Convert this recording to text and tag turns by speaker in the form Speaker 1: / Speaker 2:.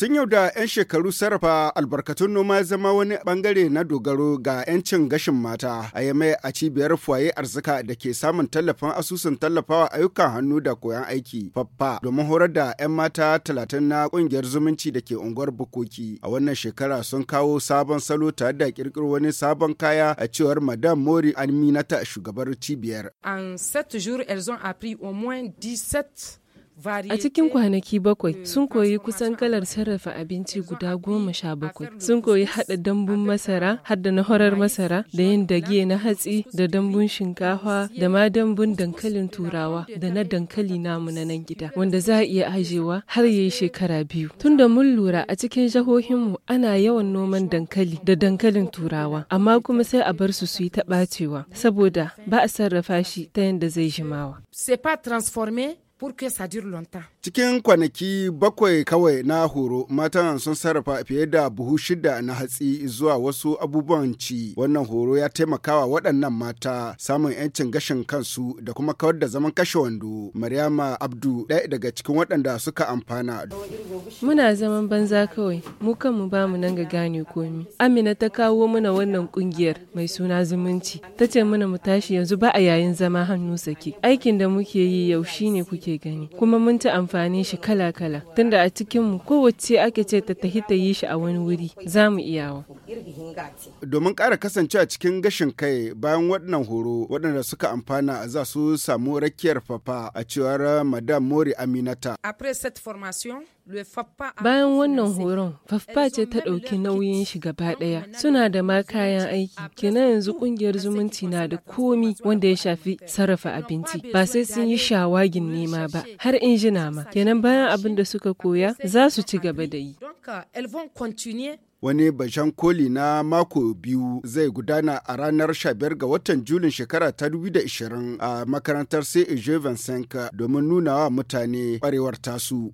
Speaker 1: Tun yau da 'yan shekaru sarrafa albarkatun noma ya zama wani bangare na dogaro ga 'yancin gashin mata a yame a cibiyar fwaye arzika da ke samun tallafin asusun tallafawa ayyukan hannu da koyon aiki faffa domin horar da 'yan mata talatin na kungiyar zumunci da ke unguwar bukoki a wannan shekara sun kawo sabon salo tare da kirkiro wani sabon kaya a cewar madam mori aminata shugabar cibiyar.
Speaker 2: an set jours elles ont appris au moins 17 A cikin kwanaki bakwai sun koyi kusan kalar sarrafa abinci guda goma sha bakwai. Sun koyi haɗa dambun masara, hadda na horar masara, da yin dage na hatsi, da dambun shinkafa, da ma dambun dankalin turawa, da na dankali namu na nan gida, wanda za a iya ajewa har ya yi shekara biyu. Tunda mun lura a cikin jahohinmu ana yawan noman dankali da dankalin turawa, amma kuma sai a bar su su yi ta ɓacewa, saboda ba a sarrafa shi ta yadda zai jimawa. C'est
Speaker 1: pas transformé Cikin kwanaki bakwai kawai na horo matan sun sarrafa fiye da buhu shida na hatsi zuwa wasu abubuwan ci. Wannan horo ya taimakawa waɗannan mata samun 'yancin gashin kansu da kuma kawar da zaman kashe wando. Maryama Abdu ɗaya daga cikin waɗanda suka amfana.
Speaker 2: Muna zaman banza kawai, mu kanmu ba mu nan ga gane komi. Amina ta kawo mana wannan kungiyar mai suna zumunci. Ta ce mana mu tashi yanzu ba a yayin zama hannu sake. Aikin da muke yi
Speaker 1: yau shine kuke kuke gani
Speaker 2: kuma mun ci amfani shi kala-kala tunda a cikin mu kowace ake ce ta tahi ta yi shi a wani wuri za mu iyawa.
Speaker 1: Domin kara kasance a cikin gashin kai bayan waɗannan horo waɗanda suka amfana za su samu rakiyar fafa a cewar Madam Mori Aminata. Après Bayan wannan
Speaker 2: horon, faffa ce ta ɗauki nauyin shi gaba ɗaya. Suna da ma kayan aiki. Kenan yanzu ƙungiyar zumunci na da komi wanda ya shafi sarrafa abinci. Ba sai sun yi shawagin nema ba, har injina ma. Kenan bayan abin da suka koya, za su ci gaba da yi. Euh,
Speaker 1: wani bashan koli na mako biyu zai gudana a ranar 15 ga watan julin shekara ta 2020 a makarantar sai domin nuna wa mutane kwarewar tasu.